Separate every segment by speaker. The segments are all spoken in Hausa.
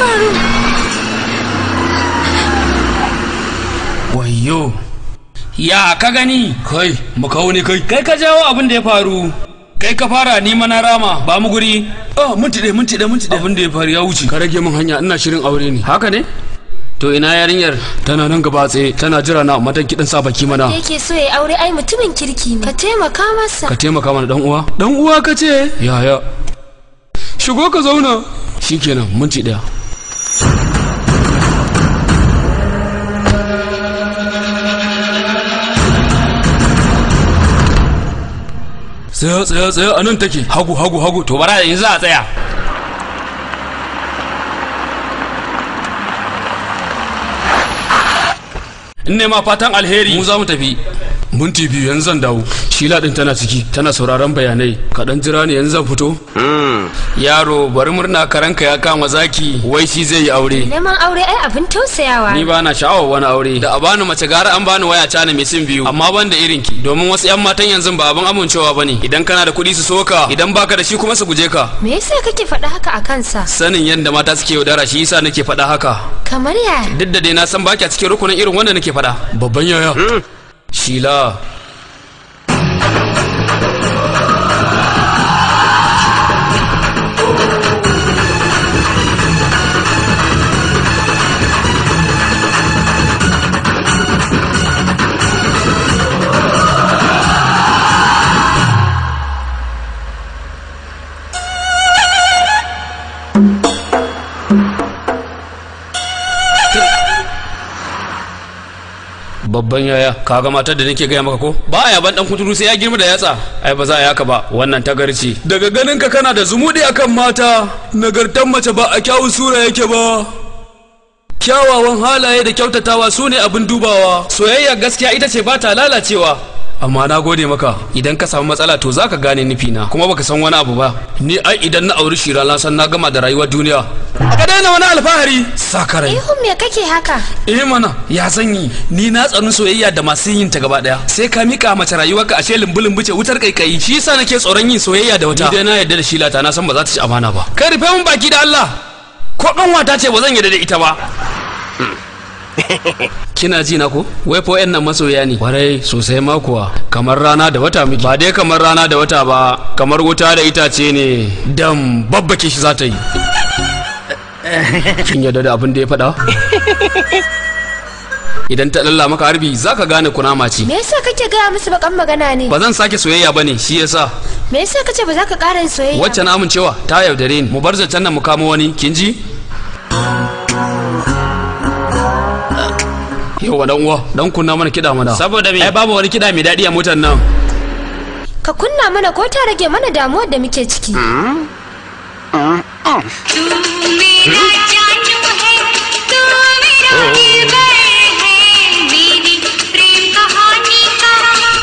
Speaker 1: faru wayo
Speaker 2: ya ka gani kai makauni kai kai ka jawo abin da ya faru kai ka fara ni mana rama ba mu guri oh mun tide mun tide mun tide abin da ya faru ya wuce ka rage min hanya ina shirin aure ne haka ne to ina yarinyar tana nan gaba tsaye tana jira na matan kidan sa baki mana wanda
Speaker 3: yake so ya aure ai mutumin kirki ne ka taimaka masa ka
Speaker 2: taimaka mana dan uwa dan uwa kace yaya shigo ka zauna shikenan mun ɗaya tsaya tsaya tsaya anan take hagu hagu hagu to bara yanzu a tsaya in ne ma fatan alheri mu za mu tafi minti biyu yanzu zan dawo shi ladin tana ciki tana sauraron bayanai kaɗan jira ne yanzu zan fito hmm. yaro bari murna karanka ya kama zaki wai shi zai yi aure
Speaker 3: neman aure ai abin tausayawa ni
Speaker 2: ba na sha'awar wani aure da a bani mace gara an bani waya cana mai sin biyu amma ban da irin ki domin wasu yan matan yanzu ba abin amincewa bane idan kana da kuɗi su soka idan baka da shi kuma su guje ka
Speaker 3: me yasa kake faɗa haka a kansa
Speaker 2: sanin yadda mata suke yaudara shi yasa nake faɗa haka
Speaker 3: kamar ya
Speaker 2: duk da dai na san baki a cikin rukunin irin wanda nake faɗa babban yaya hmm. 起了。babban yaya kaga matar da nake gaya maka ko baya ban dan kuturu sai ya girma da yatsa ai ba za a yaka ba wannan tagarci daga ganin ka kana da zumudi akan mata nagartan mace ba a kyawun sura yake ba kyawawan halaye da kyautatawa sune abin dubawa soyayya gaskiya ita ce ba ta lalacewa amma na gode maka idan ka samu matsala to zaka gane nufi na kuma baka san wani abu ba ni ai idan na auri shira na san na gama da rayuwar duniya ka daina wani alfahari sakarai
Speaker 3: ihun me kake haka
Speaker 2: eh mana ya sanyi. ni na tsarin soyayya da masu yin ta gaba daya sai ka mika mace rayuwarka a she lumbu ce wutar kaikayi shi yasa nake tsoron yin soyayya da wata ni dai na yarda da ta na san ba za ta ci amana ba kai rufe mun baki da Allah ko kanwata ce ba zan yarda da ita ba hmm. kina ji na ko wai fo nan masoya ne kwarai sosai ma kuwa kamar rana da wata miki ba dai kamar rana da wata ba kamar wuta da itace ne dan babbake shi za ta yi kin yarda da abin da ya faɗa idan ta lalla maka harbi za ka gane kunama ce me
Speaker 3: yasa kake gaya musu bakan magana ne ba
Speaker 2: zan sake soyayya ba ne shi yasa
Speaker 3: me yasa kace ba za ka ƙara soyayya wacce na
Speaker 2: amincewa ta yaudare ni mu bar zancen nan mu kamo wani kin ji wa dan uwa dan kunna mana kiɗa mana saboda me ai babu wani kiɗa mai daɗi a motar nan
Speaker 3: ka kunna mana ko ta rage mana damuwar da muke ciki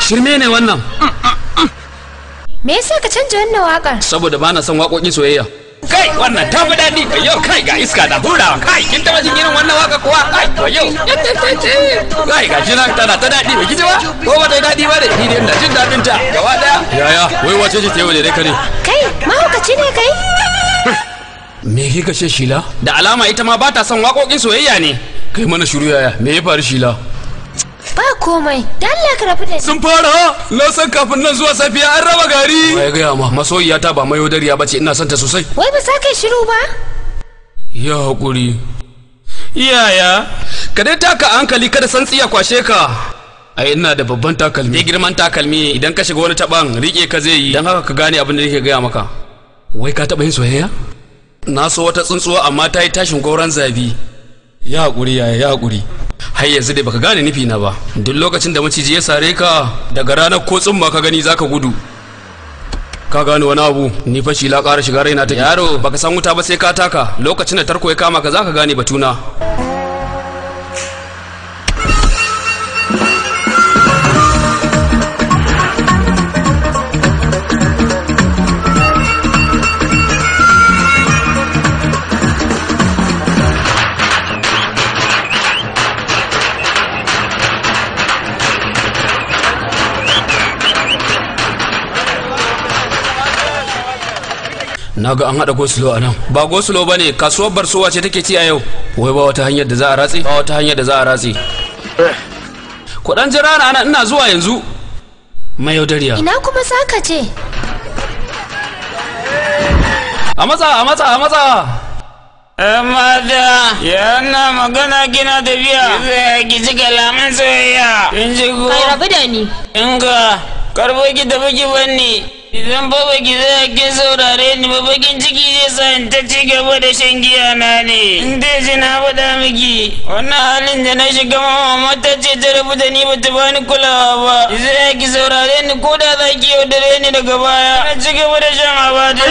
Speaker 2: shirme ne wannan me yasa ka canja wannan waƙar saboda ba na son waƙoƙin soyayya
Speaker 1: kai wannan ta fi daɗi da yau kai ga iska
Speaker 2: da hurawa kai kin taɓa jin irin wannan waka kuwa kai da yau kai ga shi nan tana ta daɗi ba kiji ba ko ba ta daɗi ba da ni dai na jin daɗin ta gaba ɗaya yaya wai wace ce ta yau da dai kare
Speaker 3: kai mahaukaci ne kai
Speaker 2: me ke ce shila da alama ita ma ba ta son waƙoƙin soyayya ne kai mana shiru yaya me ya faru shila
Speaker 3: ba komai dalla ka rabu da sun fara
Speaker 2: na san kafin nan zuwa safiya an raba gari wai gaya ma masoyiya ta ba mayo dariya bace ina son ta sosai
Speaker 3: wai ba sa shiru ba
Speaker 2: ya hakuri iyaya ka dai taka hankali kada san tsiya kwashe ka ai ina da babban takalmi ne girman takalmi idan ka shiga wani taban rike ka zai yi dan haka ka gane abin da nake gaya maka wai ka taba yin soyayya na so wata tsuntsuwa amma ta yi tashin gauran zabi ya hakuri yaya ya hakuri har yanzu dai baka gane nufi na ba duk lokacin da maciji ya sare ka daga ranar ko tsumma ka gani zaka gudu ka gane wani abu ni fa shi la ƙara shiga raina ta yaro baka san wuta ba sai ka taka lokacin da tarko ya kama ka zaka gane batuna na ga an haɗa gosulo a nan ba gosulo ba ne kasuwar barsowa ce take ci a yau wai ba wata hanyar da za a ratse ba wata hanyar da za a ratse eh. kuɗan jira na ina zuwa yanzu mai yaudariya
Speaker 3: ina kuma za ka je a matsa a matsa a matsa
Speaker 2: ya yana
Speaker 3: magana gina da biya zai ki ci kalaman soyayya in ji ko kai rabu da ni in ga karbo ki da buki banni Idan ba baki za a kin saurare ni ba ciki zai sa in ta ci gaba da shan giya na ne. In ta ji na faɗa miki wannan halin da na shiga mama mata ce ta rabu da ni ba ta bani kulawa ba. Zai ki saurare ni ko da za ki yaudare ni daga baya. Na ci gaba da shan abada.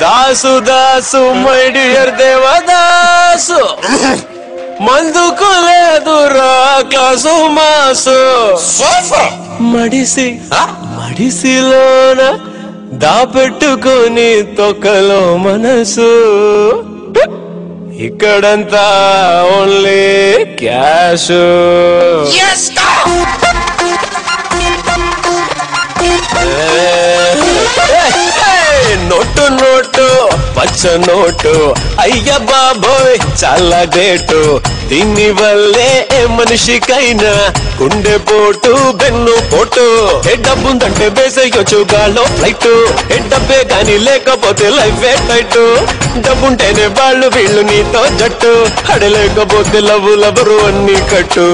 Speaker 4: Dasu Dasu my dear Devdas మందుకు లేదురా కాసు మాసు మడిసి మడిసిలోన దాపెట్టుకొని తొక్కలో మనసు ఇక్కడంతా only cash పచ్చ నోటు అయ్య బాబోయ్ చాలా డేటు దీని వల్లే మనిషికైనా గుండె పోటు బెన్ను పోటు ఎడ్డబ్బుందంటే బేసయ్యొచ్చు వేసేయొచ్చు ఫ్లైట్ ఎడ్డబ్బే గాని కానీ లేకపోతే లైఫ్ ఏ డబ్బుంటేనే వాళ్ళు వీళ్ళు నీతో జట్టు అడలేకపోతే లవ్ లవరు అన్ని కట్టు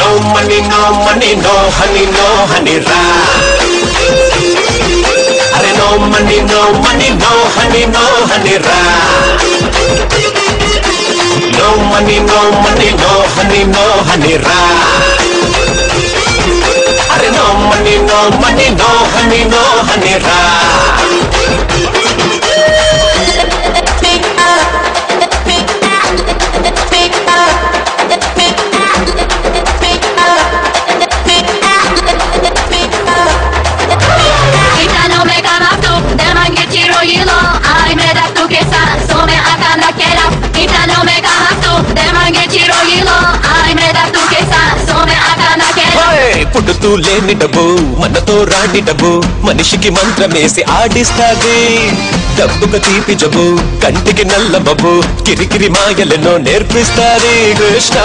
Speaker 4: no money, no money, no honey, no honey, rah. Money no money no honey no honey రా no money no money no honey no honey రా అరే no money no money no honey no honey రా పుట్టుతూ లేని డబ్బు మనతో రాని డబ్బు మనిషికి మంత్రమేసి ఆడిస్తాది డబ్బుకు తీపి జబ్బు కంటికి నల్ల బబ్బు కిరికిరి మాయలను నేర్పిస్తాది కృష్ణ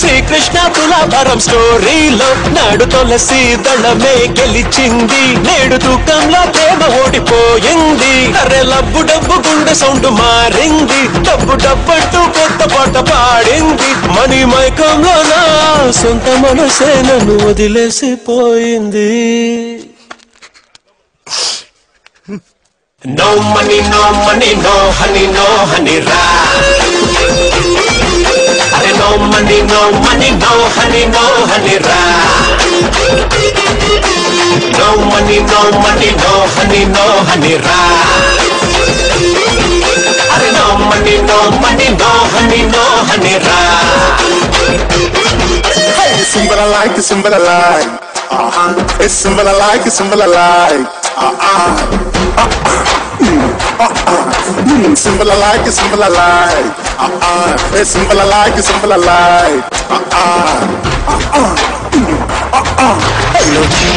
Speaker 4: శ్రీకృష్ణ తులాభారం స్టోరీలో నాడు తులసి దళమే గెలిచింది నేడు తూకంలో ప్రేమ ఓడిపోయింది అరే లబ్బు డబ్బు గుండె సౌండ్ మారింది డబ్బు డబ్బంటూ కొత్త పాట పాడింది మణి మైకంలో నా సొంత మనసే నన్ను వదిలేసిపోయింది No money, no money, no honey, no honey, రా no money, no money, no honey, no honey ra. No money, no money, no honey, no honey ra. అరే no money no money no honey no honey రా సింబల లాయ్ సింబల
Speaker 1: లాయ్ Uh-uh. It's something I like, it's something I like. Uh-uh. Uh-uh. Mm. Uh-uh. Mm. Simple I like, it's simple I like. Uh-uh. It's simple I like, it's simple I like. Uh-uh. Uh-uh. Mm. Uh-uh. Hey.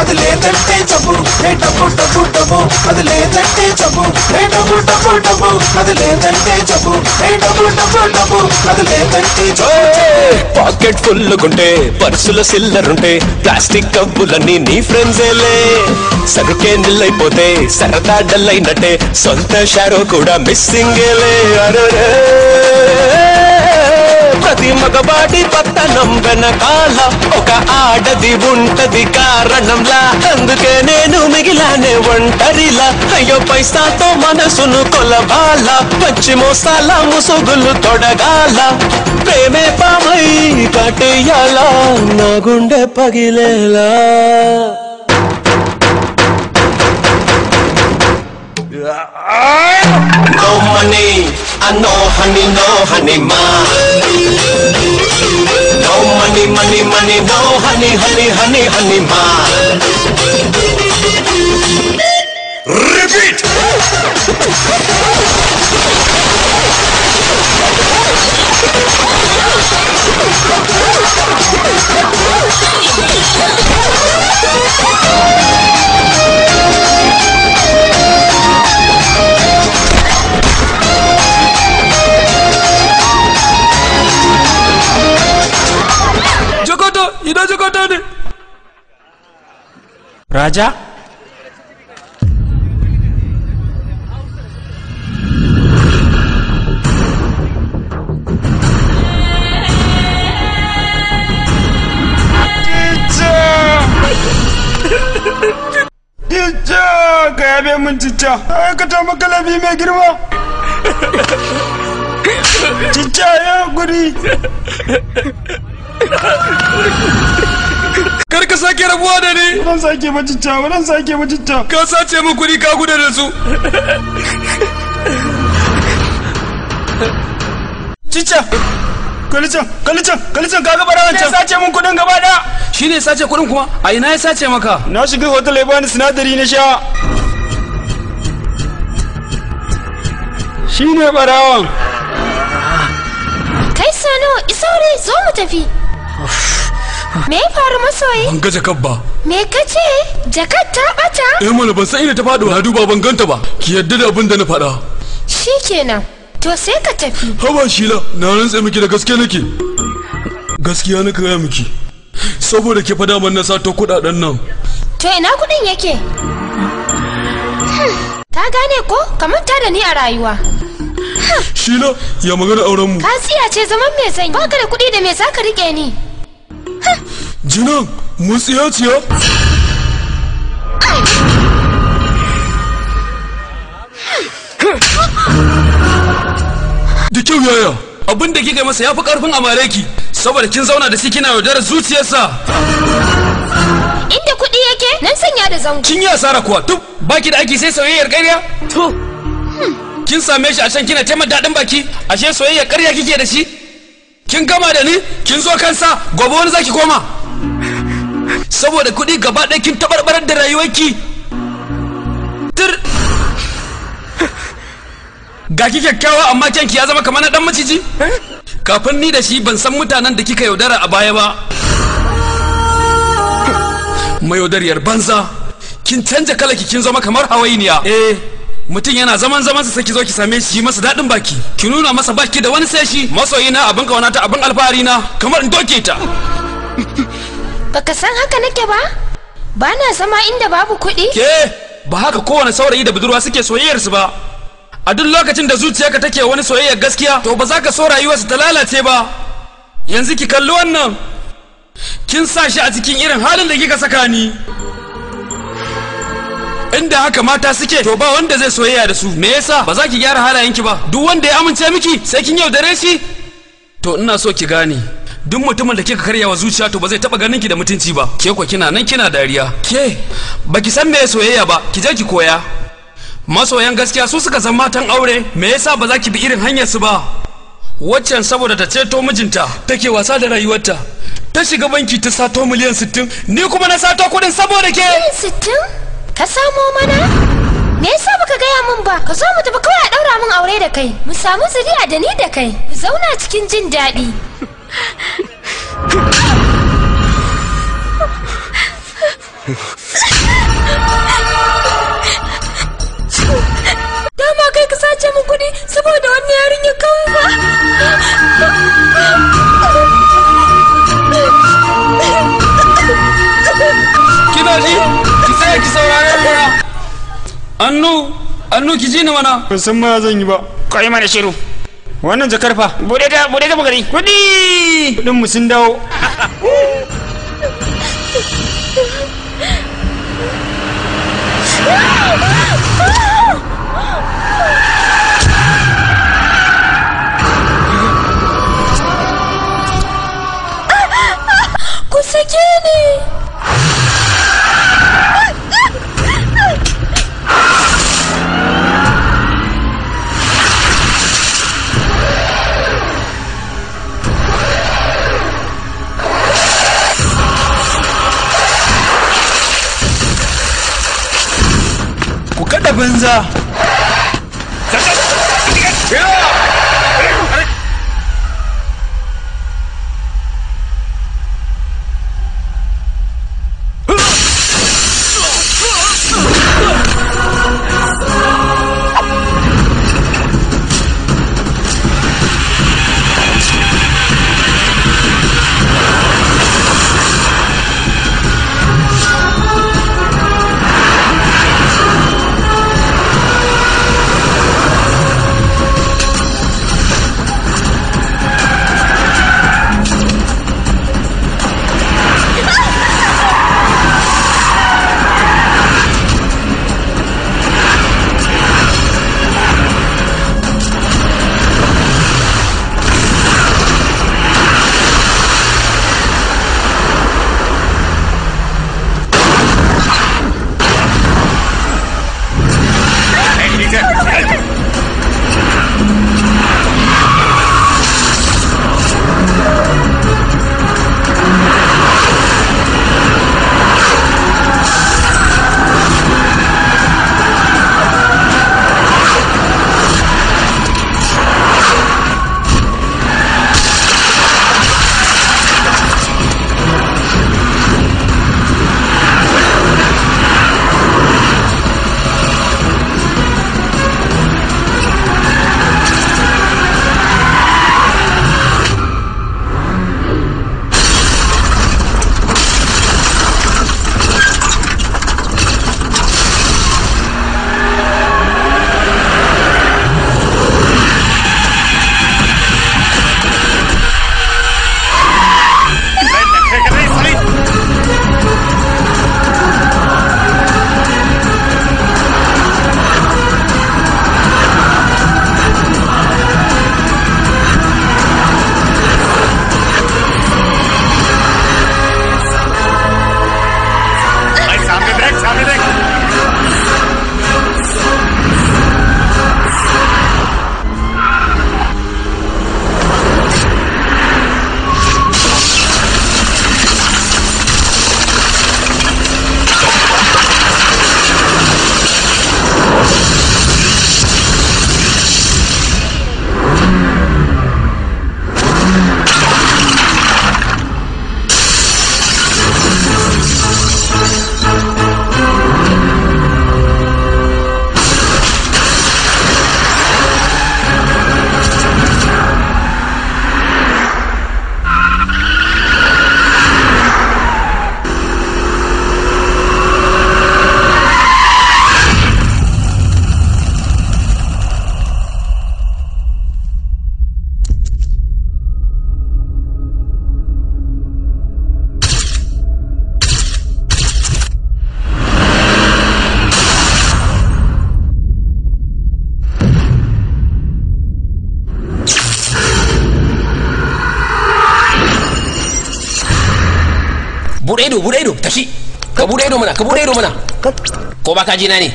Speaker 4: అది లేదంటే డబ్బు రే డబ్బు డబ్బు డబ్బు అది లేదంటే డబ్బు రే డబ్బు డబ్బు డబ్బు అది లేదంటే డబ్బు రే డబ్బు డబ్బు డబ్బు అది లేదంటే పాకెట్ ఫుల్ గుంటే పర్సుల సిల్లర్ ఉంటే ప్లాస్టిక్ కబ్బులన్నీ నీ ఫ్రెండ్సేలే సరుకే అయిపోతే సరదా డల్ అయినట్టే సొంత షారో కూడా మిస్సింగేలే అరే ప్రతి మగవాడి పతనం వెనకాల ఒక ఆడది ఉంటది కారణంలా అందుకే నేను మిగిలానే ఒంటరిలా అయ్యో పైసాతో మనసును కొలబాల పచ్చి మోసాల ముసుగులు తొడగాల ప్రేమే పామై కట్టేయాలా నా గుండె పగిలేలా No money, I know honey, no honey, ma. honey, no honey, honey, honey, honey ma. Repeat.
Speaker 2: raja Tijja ka yabe min tijja, ka tamu mai girma. Tijja ya guri. kar ka sake rabuwa da ni zan sake macitta zan sake macitta ka sace min kuɗi ka gudu da su cicca kalicin kalicin kalicin ka gaba rawan can sace min kuɗin gaba da shine sace kuɗin kuma a ina ya sace maka na shiga hotel ya bani sinadari na sha shine barawan
Speaker 3: kai isa isaure zo mu tafi me ya faru masoyi ban ga jakar ba me ka ce jakar ta bata
Speaker 2: eh mana ban san inda ta faɗo na duba ban ganta ba ki yadda da abin da na faɗa
Speaker 3: shikenan to sai ka tafi
Speaker 2: haba shila na rantsa miki da gaske nake gaskiya na kaya miki saboda ke fada man na sato kudaden nan
Speaker 3: to ina kudin yake ta gane ko kamar ta da ni a rayuwa
Speaker 2: shila ya magana auren mu
Speaker 3: ka tsiya ce zaman me zan ba ka da kudi da me zaka rike ni
Speaker 2: jinin mutsiyo-tsiyo da kyau yaya abin da kika masa ya fi karfin amareki saboda kin zauna da shi kina yaudarar zuciyarsa
Speaker 3: inda kuɗi yake nan sanya da
Speaker 2: zango kin yi asara kuwa duk baki da ake sai soyayyar ƙarya to kin same shi a can kina taimaka daɗin baki ashe soyayyar ƙarya kike da shi kin gama da ni kin zo kansa gobe wani zaki koma saboda kuɗi gaba ɗaya kin tabarbarar da rayuwarki tur. ga ki kyakkyawa amma kyanki ya zama kamar na ɗan maciji kafin ni da shi ban san mutanen da kika yaudara a baya ba mai yaudariyar banza kin canja kalaki kin zama kamar hawainiya eh mutum yana zaman zaman sa saki zo ki same shi masa dadin baki ki nuna masa baki da wani sai masoyi na abin kauna ta abin alfahari na kamar in doke ta
Speaker 3: baka san haka nake ba ba na zama inda babu kuɗi ke
Speaker 2: ba haka kowane saurayi da budurwa suke soyayyar su ba a duk lokacin da zuciyarka take wani soyayyar gaskiya to ba za ka so rayuwarsa ta lalace ba yanzu ki kalli wannan kin sa shi a cikin irin halin da kika saka ni inda haka mata suke to ba wanda zai soyayya da su me yasa ba za ki gyara ki ba duk wanda ya amince miki sai kin yaudare shi to ina so ki gane duk mutumin da kika karyawa zuciya to ba zai taba ganin ki da mutunci ba ke ko kina nan kina dariya ke baki san me soyayya ba ki je ki koya masoyan gaskiya su suka san matan aure me yasa ba za ki bi irin hanyar su ba waccan saboda ta ceto mijinta take wasa da rayuwarta
Speaker 3: ta shiga banki ta sato miliyan 60 ni kuma na sato kudin saboda ke 60 ka samo mana me yasa baka gaya min ba ka zo mu tafi kawai a daura min aure da kai mu samu zuriya da ni da kai mu zauna cikin jin daɗi
Speaker 1: dama kai ka sace min kuɗi saboda yarin ya kawo ba kina ji tsaya ki saurare
Speaker 2: annu annu ki ji ni mana ban san ma zan yi ba kai mana shiru wannan jakar fa bude ta bude ta magani kudi kudin mu sun dawo
Speaker 1: Ah!
Speaker 2: uh, ba ka ji na ne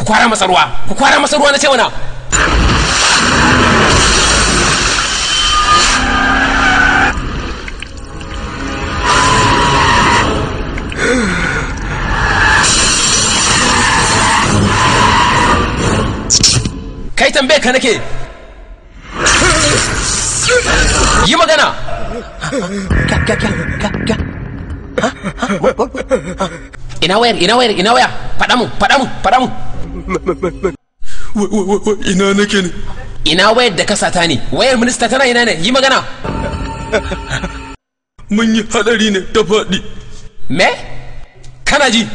Speaker 2: ku kwara masa ruwa ku kwara masa ruwa na ce wana kai tambaye ka nake yi magana
Speaker 1: ka ka ka ka
Speaker 2: ka ina wayar ina wayar ina waya faɗa mu faɗa mu faɗa mu ina nake ne ina wayar da kasa ta ne wayar minista tana ina ne yi magana mun yi hadari ne ta faɗi me kana ji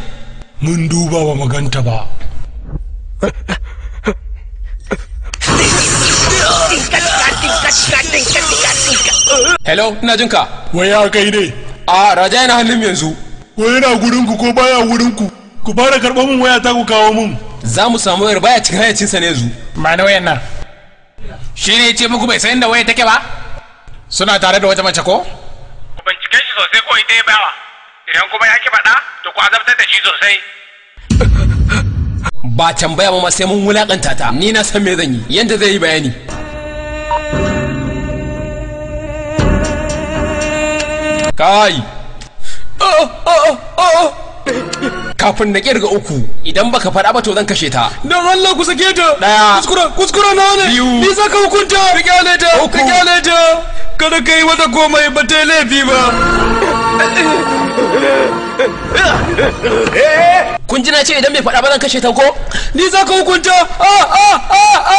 Speaker 2: mun duba wa maganta ba hello ina jinka waya kai dai a raja yana hannun yanzu ko yana gurin ku ko baya gurin ku ku fara karɓo min waya ta ku kawo min za mu samu wayar baya cikin sa ne zu ma'ana na nan shi ne ce muku bai san da waya take ba suna tare da wata mace ko ku bincike shi sosai ko ita ya bawa idan kuma ya ki faɗa to ku azabtar da shi sosai ba tambaya ba sai mun wulakanta ta ni na san me zan yi yanda zai yi bayani kai kafin na kirga uku idan baka faɗa ba to zan kashe ta don Allah ku sake ta daya kuskura kuskura na ne biyu ni saka hukunta ka kyale ta ka kyale ta kada kai wata komai ba ta laifi ba kun ji na ce idan bai faɗa ba zan kashe ta ko ni za ka hukunta ah, ah, ah,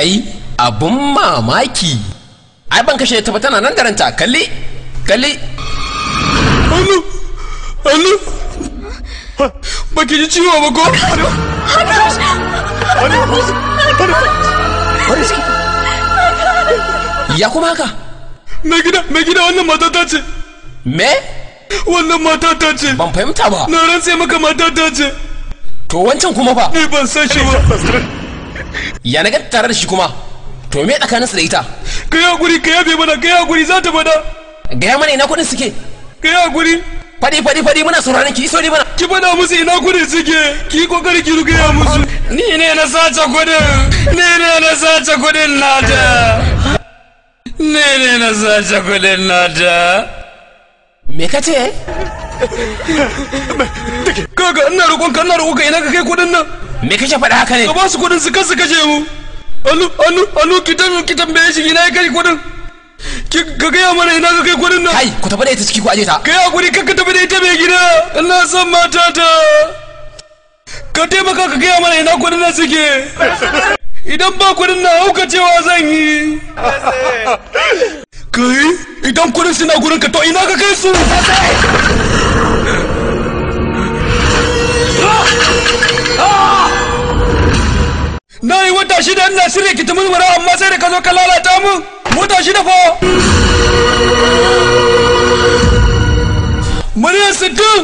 Speaker 2: kai abun mamaki ai ban kashe ta ba tana nan garanta kalli kalli hannu hannu ba ki ji ciwo ba ko ya kuma haka mai gida mai gida wannan matata ce me wannan matata ce ban fahimta ba na sai maka ta ce to wancan kuma ba ni ban san shi ba ya na tare da shi kuma to me tsakaninsu da ita kaya guri kaya bai mana kaya guri za ta bada gaya mana ina kudin suke kaya guri fadi faɗi faɗi faɗi muna sauraron ki iso ne mana ki faɗa musu ina kudin suke ki kokari ki rugaya musu ni ne na sace kudin ni ne na sace kuɗin nata ni ne na sace kuɗin nata me ka ce kaga ina roƙonka ina roƙonka ina ka kai kudin nan me kake faɗa haka ne ka ba su kuɗin su kasu kashe mu alu alu alu kitan tambaye ki shi ina ya kai kuɗin ka gaya mana ina ka kai kuɗin nan kai ku tafi da ita ciki ku aje ta kai hakuri kar ka tafi da ita mai gida ina son ta. ka taimaka ka gaya mana ina kuɗin nan suke idan ba kuɗin nan hauka cewa zan yi kai idan kuɗin suna gurin ka to ina ka kai su na yi wata shida ina shirya ki tumin wura amma sai da ka zo ka lalata mu? wata shida fa miliyan sittin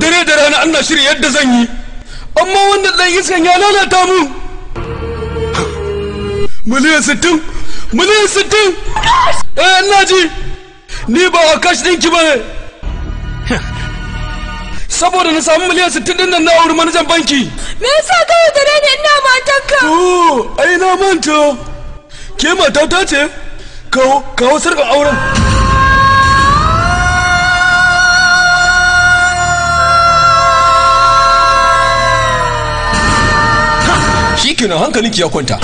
Speaker 2: dare da rana ana shirya yadda zan yi amma wanda ɗan iskan ya lalata mu miliyan sittin miliyan sittin eh ina ji ni ba a kashi ɗinki ba ne saboda na samu miliyan sittin ɗin nan na wuri manajan banki
Speaker 3: me yasa ka yi tare ni ina ka. oh ai na manta
Speaker 2: ke matata ce kawo hau sarƙar auren shi kenan hankalinki ya kwanta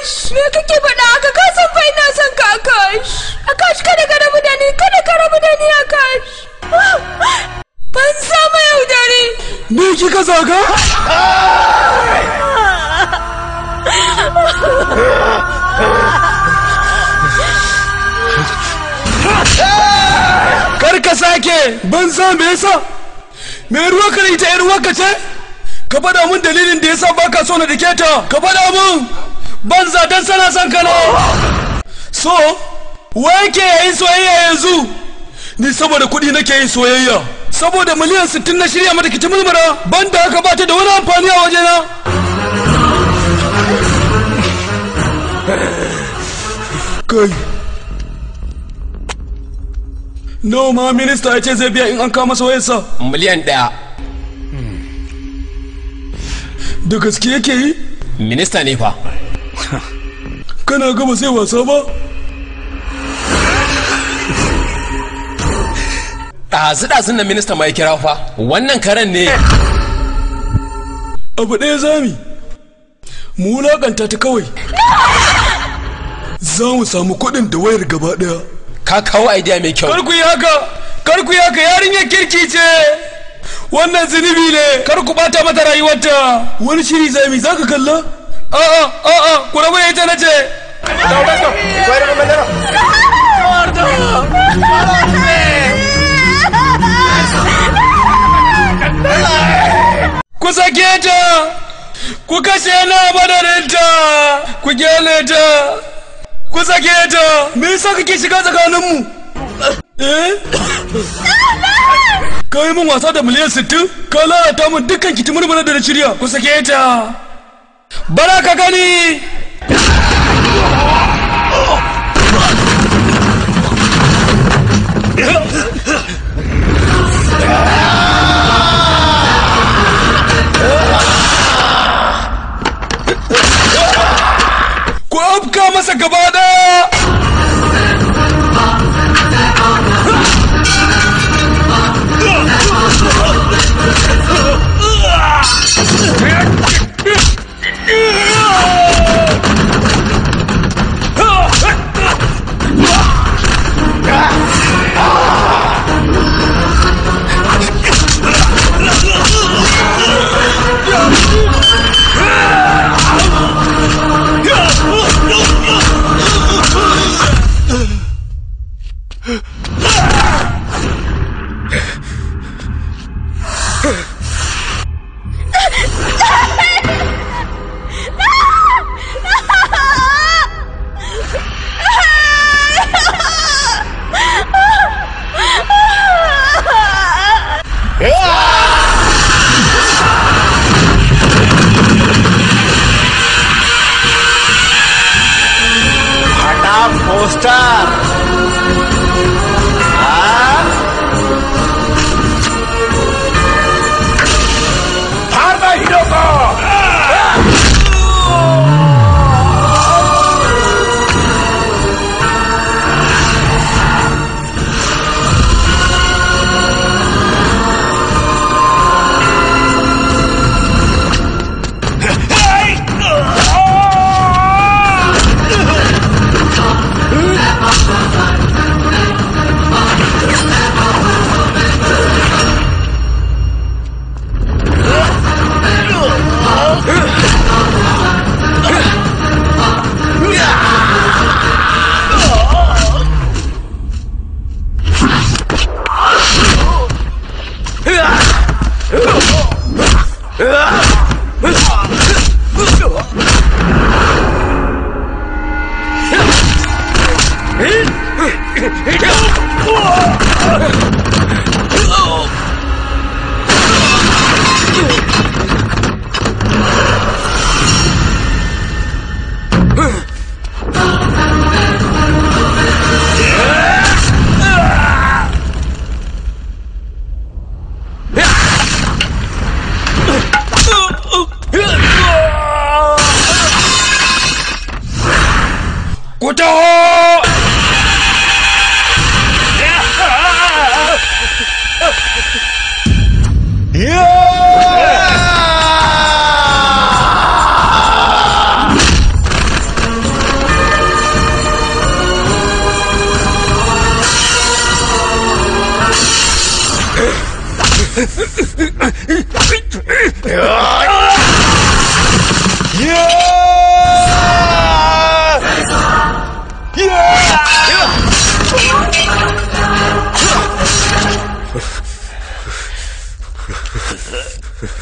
Speaker 3: Akash, me kake faɗa haka? Ka san fa ina son ka Akash. Akash kada ka rabu da ni, kada ka rabu da ni Akash. Ban ma yau dare.
Speaker 1: Ni kika zaga?
Speaker 2: Kar ka sake, ban sa me yasa? Me ruwa ka ita 'yar uwarka ce? Ka faɗa mun dalilin da yasa baka so na dake ta. Ka faɗa mun. ban zaton sana son ka ne so wai ke yi soyayya yanzu ni saboda kuɗi nake yi soyayya saboda miliyan sittin na shirya mata kici mulmura ban da haka ba da wani amfani a wajena kai nawa ma minista ya ce zai biya in an kama soyayya miliyan ɗaya da gaske yake yi minista ne fa kana gama sai wasa ba ɗazu-ɗazun na minista mai kira fa wannan karen ne abu ɗaya zami mu wulaƙanta ta kawai za mu samu kuɗin da wayar gaba ɗaya ka kawo idea mai kyau karku yi haka karku yi haka yarinyar kirki ce wannan zunubi ne karku ɓata mata rayuwarta wani shiri zami za ka kalla oh oh oh, oh ku rabu ita na ce Gordo! Ku sake ta! Ku kashe na badarinta! Ku gyale ta! Ku sake ta! Me
Speaker 1: yasa kake shiga tsakaninmu?
Speaker 2: Eh? kai mun wasa da miliyan 60 Ka lalata mun dukkan bana da shirya! Ku sake ta! bara ka gani
Speaker 4: ku afka masa gaba daya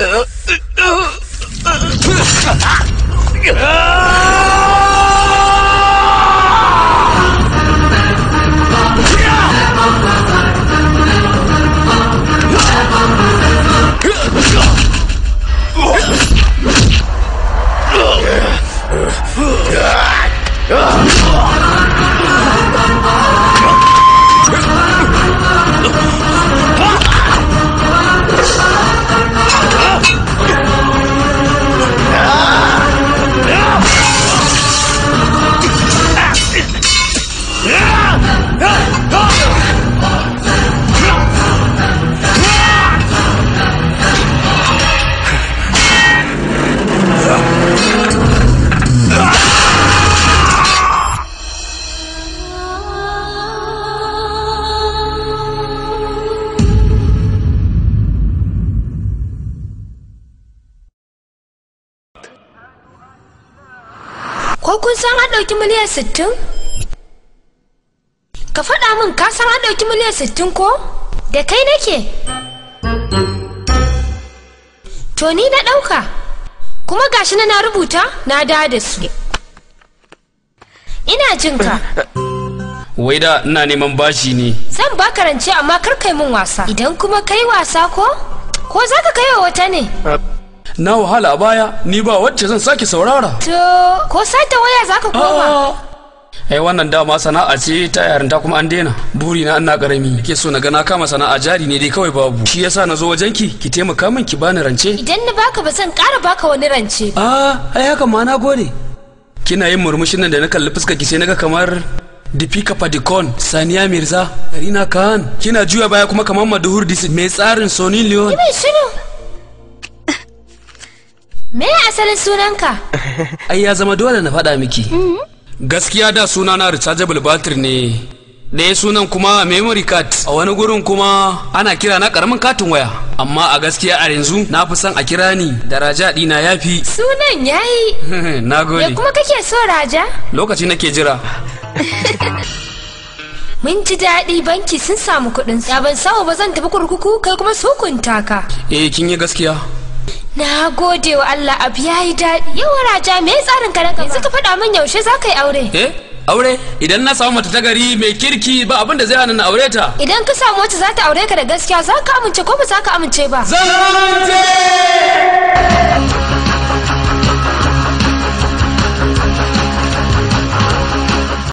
Speaker 1: Uh,
Speaker 3: an miliyan sittin? Ka faɗa min ka san an ɗauki miliyan sittin ko? Da kai nake? To ni na ɗauka, kuma gashi na rubuta na da da su. Ina jin ka.
Speaker 2: Wai da ina neman bashi ne.
Speaker 3: Zan ba karance amma kar kai min wasa. Idan kuma kai wasa ko? Ko za ka kai wa wata ne?
Speaker 2: na wahala a baya ni ba wacce zan sake
Speaker 3: saurara to ko sake waya zaka koma ah.
Speaker 2: ai wannan dama sana'a ce ta yarinta kuma an daina buri na ina karami ke so na gana kama sana'a jari ne dai kawai babu shi yasa na zo wajen ki ki taimaka min ki bani rance
Speaker 3: idan na baka ba zan ƙara baka wani rance a ah, ai haka ma na gode
Speaker 2: kina yin murmushin nan da na kalli fuskar ki sai naga kamar Dipika Padikon, Saniya Mirza, Karina Khan, kina juya baya kuma kamar Maduhur disi. mai tsarin Sony Leon.
Speaker 3: Ki shiru. asalin sunanka
Speaker 2: ai ya zama dole na faɗa miki mm-hmm. gaskiya da suna na rechargeable battery ne ɗaya sunan kuma memory card a wani gurin kuma ana kira na karamin katin waya amma a gaskiya a yanzu na fi son a kira ni da raja ɗina ya fi
Speaker 3: sunan ya
Speaker 2: yi na gode ya kuma
Speaker 3: kake so raja
Speaker 2: lokaci nake jira
Speaker 3: mun ji daɗi banki sun samu kuɗin ya ban sawa ba zan tafi kurkuku kai kuma sukunta ka
Speaker 2: eh kin yi gaskiya
Speaker 3: na gode wa Allah abu ya yi daɗi yawan raja me ya tsarin ka ranka yanzu ka faɗa min yaushe za ka yi aure
Speaker 2: eh aure idan na samu mata ta gari mai kirki ba abin da zai hana na aure ta
Speaker 3: idan ka samu wacce za ta aure ka da gaskiya za ka amince ko ba za ka amince ba zan amince